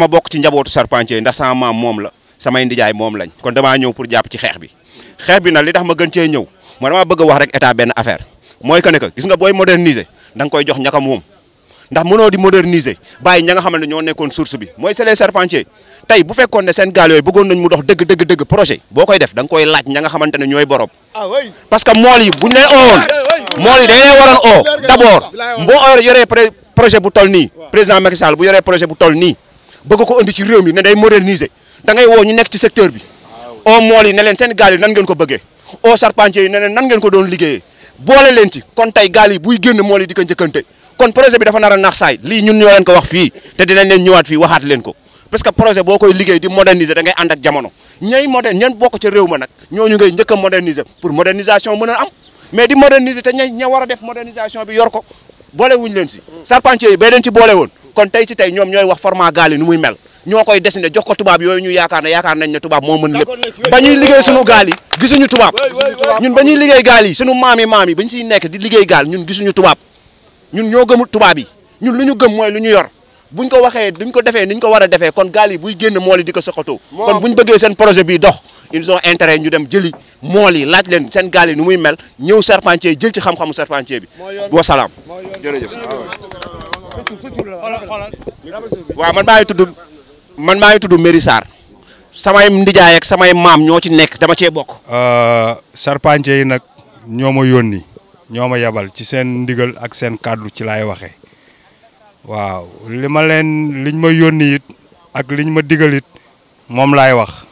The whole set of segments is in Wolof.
sama bok ci njabootu serpentier ndax sama mam mom la samay ndijaay mom lañ kon dama ñew pour japp ci xex bi xex bi na li tax ma gën ci ñew mo dama bëgg wax rek état ben affaire moy kané ko gis nga boy moderniser dang koy jox ñaka mom ndax mëno di moderniser bay ña nga xam ñoo source bi moy c'est les serpentier tay bu fekkoon ne sen gaal yooyu nañ mu dox deug deug deug projet def dang koy laaj ña xamantene ñoy borop ah, parce que mol yi buñ lay on ah, mol yi dañ leen ah, d'abord yoré projet bu tol ni président Macky Sall bu yoré projet bu tol ni bëgg ko indi ci réew mi ne day moderniser da woo ñu nekk ci secteur bi ah au mool yi ne leen seen gaal yi ngeen ko bëggee au charpentier yi ne leen nan ko doon liggéeyee boole leen ci kon tey gaal yi buy génn mool yi di ko njëkkante kon projet bi dafa nar a naax saay lii ñun ñoo leen ko wax fii te dinañ leen ñëwaat fii waxaat leen ko parce que projet boo koy liggéey di moderniser da ngay ànd ak jamono ñay moderne ñan bokk ca réew ma nag ñooñu ngay njëkk a pour modernisation mën a am mais di moderniser te ña ña a def modernisation bi yor ko boole leen si hmm. charpentier yi bay leen ci boole kon tey ci tey ñoom ñooy wax format gaal yi nu muy mel ñoo koy dessiné jox ko tubaab yooyu ñu yaakaar ne yaakaar nañ ne tubaab moo mën lépp ba liggéey sunu gaal gisuñu tubaab ñun ba ñuy liggéey gaal yi sunu maam yi maam yi ba ñu nekk di liggéey gaal ñun gisuñu tubaab ñun ñoo gëmul tubaab yi ñun lu ñu gëm mooy lu ñu yor buñ ko waxee duñ ko defee niñ ko war a defee kon gaal yi buy génn mool yi di ko soxatoo kon buñ bëggee seen projet bi dox ils ont intérêt ñu dem jëli mool yi laaj leen seen gaal yi nu muy mel ñëw charpentier jël ci xam-xamu charpentier bi wasalaam jërëjëf waaw man maa ngi tudd man maa ngi tudd Méri samay ndijaay ak samay maam ñoo ci nekk dama cee bokk. Euh, charpentier yi nag ñoo ma yónni ñoo ma yabal ci seen ndigal ak seen kàddu ci laay waxe waaw li ma leen liñ ma yónni it ak liñ ma digal it moom laay wax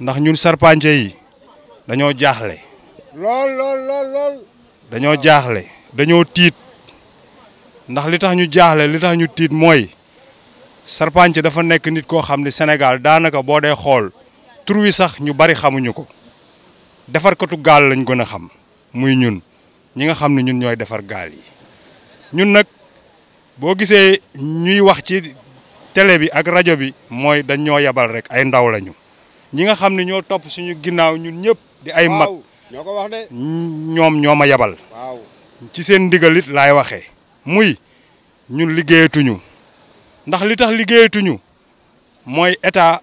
ndax ñun charpentier yi dañoo jaaxle. lool lool lool dañoo jaaxle dañoo tiit. ndax li tax ñu jaaxle li tax ñu tiit mooy Sarpànthie dafa nekk nit koo xam ne senegal daanaka boo dee xool tur wi sax ñu bari xamuñu ko defarkatu gaal lañ gën a xam muy ñun ñi nga xam ne ñun ñooy defar gaal yi ñun nag boo gisee ñuy wax ci télé bi ak rajo bi mooy dañ ñoo yebal rek ay ndaw lañu ñi nga xam ne ñoo topp suñu ginnaaw ñun ñëpp di ay mag ñoo ko wax de ñoom ñoo ma yebal ci seen ndigalit lay waxee muy ñun liggéeyatuñu ndax li tax liggéeyatuñu mooy état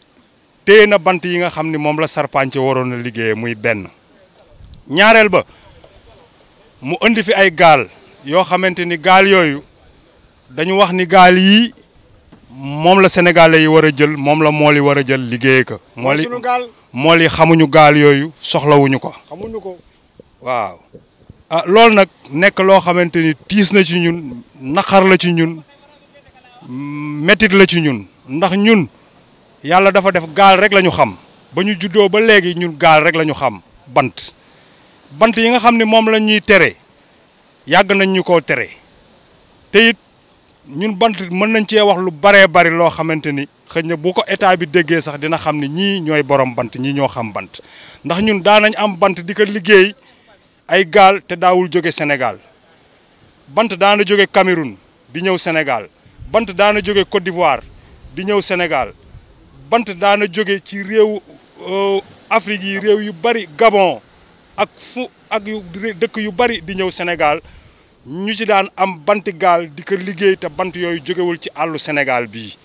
téye na bant yi nga xam ni moom la sarpànce waroon na liggéeye muy benn ñaareel ba mu indi fi ay gaal yoo xamante ni gaal yooyu dañu wax ni gaal yii moom la sénégalais yi war a jël moom la mool yi war a jël liggéey ko mool yi mool yi xamuñu gaal yooyu soxlawuñu ko xamuñu ko waaw Ah, Lol nak nek nekk loo xamante ni tiis na ci ñun naqar la ci ñun métit la ci ñun ndax ñun yàlla dafa def gaal rek la xam ba juddoo ba ñun rek xam bant bant yi nga xam ne moom la ñuy tere yàgg nañ ñu ko tere te ñun bant mën nañ cee wax lu bare bari loo xamante ni xëy bu ko état bi déggee sax dina xam ne nyi ñooy borom bant ñii ñoo xam bant ndax ñun daan nañ am bant di liggéey ay gaal te daawul jóge senegal bant daan jóge Cameroun di ñëw Sénégal bant daana jóge Côte d'Ivoire di ñëw senegal bant daana jóge ci réew euh, Afrique yi réew yu bari Gabon ak fu ak yu dëkk yu bari di ñëw Sénégal ñu ci daan am bant gaal di ko liggéey te bant yooyu jógewul ci àllu Sénégal bii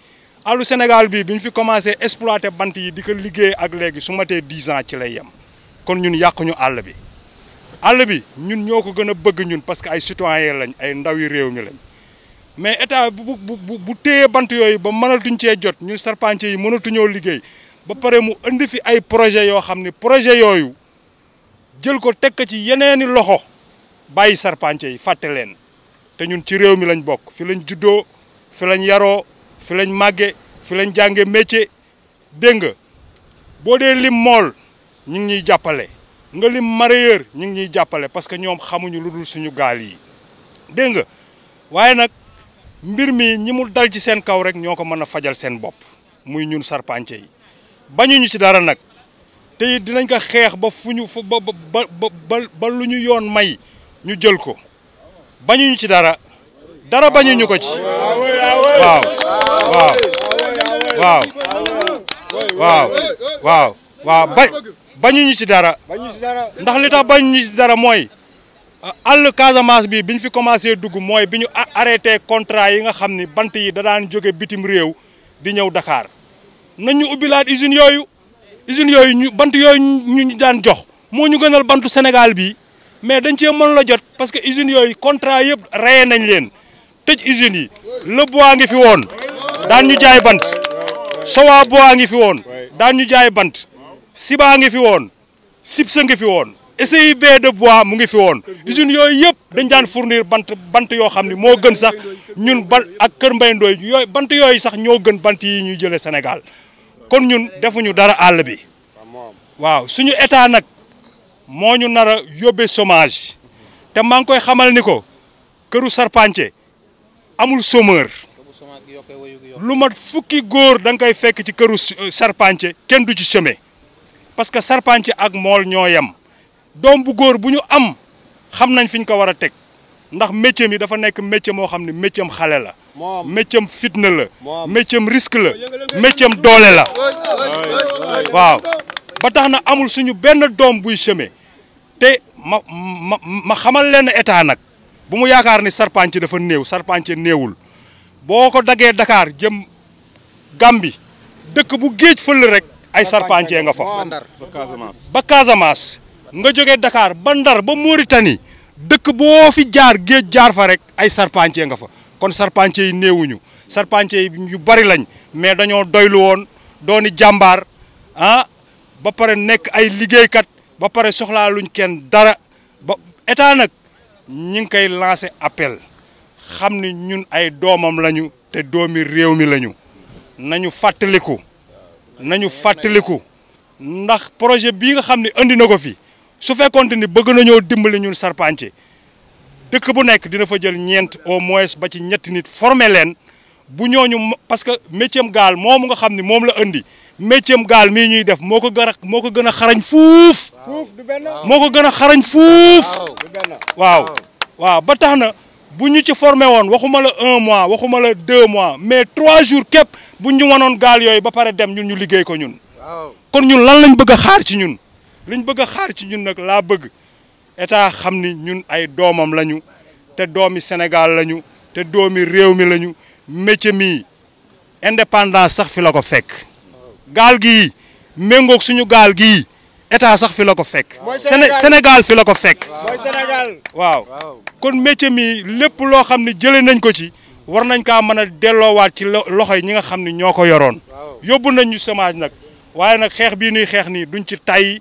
àllu Sénégal bii bi ñu fi commencé exploiter bant yi di ko liggéey ak léegi su matee dix ans ci lay yem kon ñun yàquñu àll bi àll bi ñun ñoo ko gën a bëgg ñun parce que ay citoyen lañ ay ndaw yi réew mi lañ mais état bu bu bu téyee bant yooyu ba mënatuñ cee jot ñun charpentier yi mënatuñoo liggéey ba pare mu indi fi ay projet yoo xam ne projet yooyu jël ko teg ko ci yeneeni loxo bàyyi charpentier yi fàtte leen te ñun ci réew mi lañ bokk fi lañ juddoo fi lañ yaroo fi lañ màgge fi lañ jànge métier dégg nga boo dee lim mool ñu ngi ñuy jàppale nga lim mareyeur ñu ngi pas parce que ñom xamuñu lu dul suñu gal yi deeng nga waye nak mbir mi ñi mu dal ci seen kaw rek ñoko mëna fajal seen bop muy ñun charpentier yi bañuñu ci dara nak te dinañ ko xex ba fu ba ba ba lu yoon may ñu jël ko bañuñu ci dara dara bañuñu ko ci waaw waaw waaw waaw waaw waaw bañuñu ñu dara. ci dara ndax li tax bañuñu ci dara mooy àll Casamance bi bi ñu fi commencé dugg mooy bi ñu arrêté contrat yi nga xam ni bant yi da daan jóge bitim réew di ñëw Dakar nañ ñu ubbilaat usines yooyu usines yooyu ñu bant yooyu ñu daan jox moo ñu gënal bantu Sénégal bi mais dañ cee mën la jot parce que usines yooyu contrat yëpp reye nañ leen tëj usines yi le waa ngi fi woon daan ñu jaay bant sowa bois ngi fi woon daan ñu jaay bant. Siba ngi fi won sipse ngi fi woon SIB de bois mu ngi fi won usine yoy yep dañ dan fournir bant bant yo xamni mo gën sax ñun ak keur mbay ndoy yoy bant yoy sax ño gën bant yi ñu jëlé Sénégal kon ñun defuñu dara all bi waaw suñu état nak mo ñu nara yobé chômage té ma ngoy xamal niko keuru sarpanté amul chômeur lu mat fukki góor dang kay fekk ci keuru sarpanté kenn du ci chemin parce que Sarpanthie ak mool ñoo yem doom bu góor bu ñu am xam nañ fi ñu ko war a teg ndax métier mi dafa nekk métier moo xam ne métier am xale la. métier am fitna la. métier am risque la. métier doole la. waaw ba tax na amul suñu benn doom buy seme te ma ma ma xamal leen état nag bu mu yaakaar ni Sarpanthie dafa néew Sarpanthie néewul boo ko daggee dakaar jëm Gàmbi dëkk bu géej fël rek. ay charpentier nga fa ba Casamance nga jógee Dakar ba Ndar ba Mauritanie dëkk boo fi jaar géej jaar fa rek ay charpentier nga fa kon charpentier yi néewuñu charpentier yi yu bari lañ mais dañoo doyluwoon woon dooni jàmbaar ah ba pare nekk ay liggéeykat ba pare soxlaaluñ kenn dara ba état nag ñi ngi koy lancé appel xam ni ñun ay doomam lañu te doomi réew mi lañu nañu fàttaliku nañu fàttaliku ndax projet bii nga xam ne indi na ko fi su fekkoonte ni bëgg nañoo dimbali ñun Charpentier dëkk bu nekk dina fa jël ñeent au moins ba ci ñetti nit former leen bu ñooñu parce que métier am gaal moomu nga xam ne moom la indi métier am gaal mii ñuy def moo ko gën a moo ko gën a xarañ fuuf. moo ko gën a xarañ fuuf. waaw waaw ba tax na. bu ñu ci formé woon waxuma la un mois waxuma la deux mois mais trois jours képp bu ñu wanoon gaal yooyu ba pare dem ñu ñu liggéey ko ñun. kon ñun lan lañ bëgg xaar ci ñun liñ bëgg a xaar ci ñun nag laa bëgg état xam ni ñun ay doomam lañu te doomi Sénégal lañu te doomi réew mi lañu métier mi indépendance sax fi la ko fekk. gaal gi méngoog suñu gaal gi état sax fi la ko fekk. Sénégal fi la ko fekk. waaw kon métier mi lépp loo xam ne jële nañ ko ci. war nañ kaa mën a delloowaat ci loxo yi ñi nga xam ni ñoo ko yoroon. yóbbu nañ ñu chômage nag waaye nag xeex bii nuy xeex nii duñ ci tay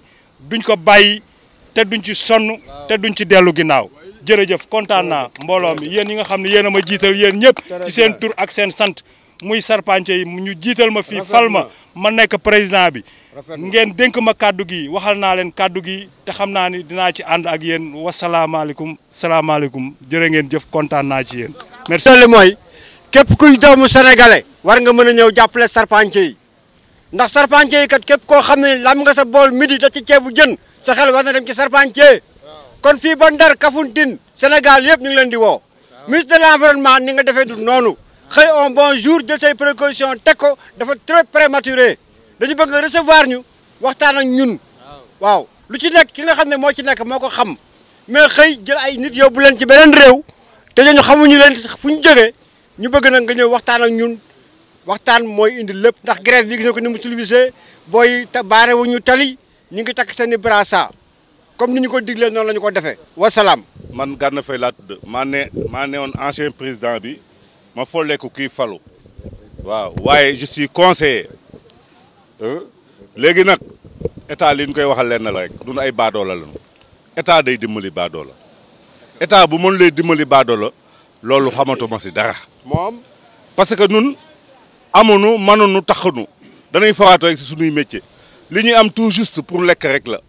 duñ ko bàyyi te duñ ci sonn te duñ ci dellu ginnaaw. jërëjëf kontaan naa mbooloo mi yéen ñi nga xam ne yéen a ma jiital yéen ñëpp ci seen tur ak seen sant. muy charpentier yi ñu jiital ma fi fal ma ma nekk président bi ngeen denk ma kaddu gi waxal na len kaddu gi te xamna ni dina ci and ak alaykum salaamu alaykum jere ngeen jëf kontaan na ci yeen merci le moy kep kuy doomu sénégalais war nga mëna ñew ndax kat kep ko xamni lam nga sa bol midi da ci ceebu jeun sa xel war na dem ci charpentier kon fi bandar kafuntin Kafountine Sénégal yépp ñu ngi leen di wo ministre de l'environnement ni nga défé du Xey on bon jour jël say précaution teko dafa très prématuré dañu bëgg recevoir ñu waxtaan ak ñun waaw lu ci nek ki nga xam ne moo ci nek moko xam mais xey jël ay nit yóbbu len ci benen rew te ñu xamuñu leen fu ñu jógee ñu bëgg nag nga ñëw waxtaan ak ñun waxtaan moy indi lepp ndax grève bi gis nga ko ni mu tilbisee booy baare wu ñu tali ñu ngi tak seen i brassard comme ni ñu ko diglé non la ko défé wa salam man garna Faye laa tudd maa ne maa ne ancien président bi ma folleeku ki falu waaw waaye je suis conseiller hein? légui nak état li ngui waxal len la rek duñu ay baadoola lañu état day dimbali bado la état bu mon lay dimbali bado baadoola loolu xamatuma si dara. mom parce que nun amuñu mënuñu taxunu danay fawaatoo rek si suñuy métier li ñuy am tout juste pour lekk rek la.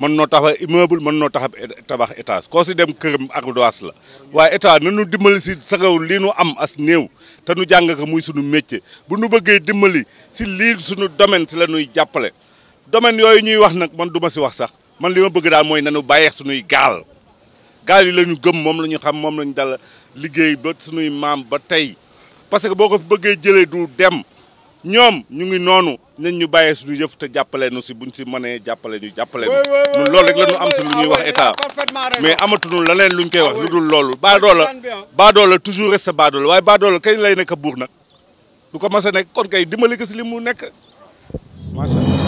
man no taxaw immeuble man no taxaw tabax étage ko si dem këram ak doas la wa état nañu nu dimbali si sagaw li nu am as new te nu jang ko muy suñu métier bu nu bëggee dimbali si li suñu domaine sila lañuy jappalé domaine yoy ñuy wax nak man duma ci wax sax man li ma bëgg daal moy nanu bàyyeex suñuy gal gal yi lañu gëm mom lañu xam mom lañu dal liggéey ba suñuy maam ba tay parce que boko bëggee jëlé du dem ñoom ñu ngi noonu nañ ñu bàyyee suñu yëf te jàppale nu si buñ si mënee jàppale ñu jàppale ñu loolu rek la ñu am si lu ñuy ah wax état ah, mais amatuñu leneen luñ koy wax ah lu dul loolu baadoola baadoola toujours reste baadoola waaye baadoola kañ lay nekk buur nag du ko mas a nekk kon kay dimbali ko si li mu nekk macha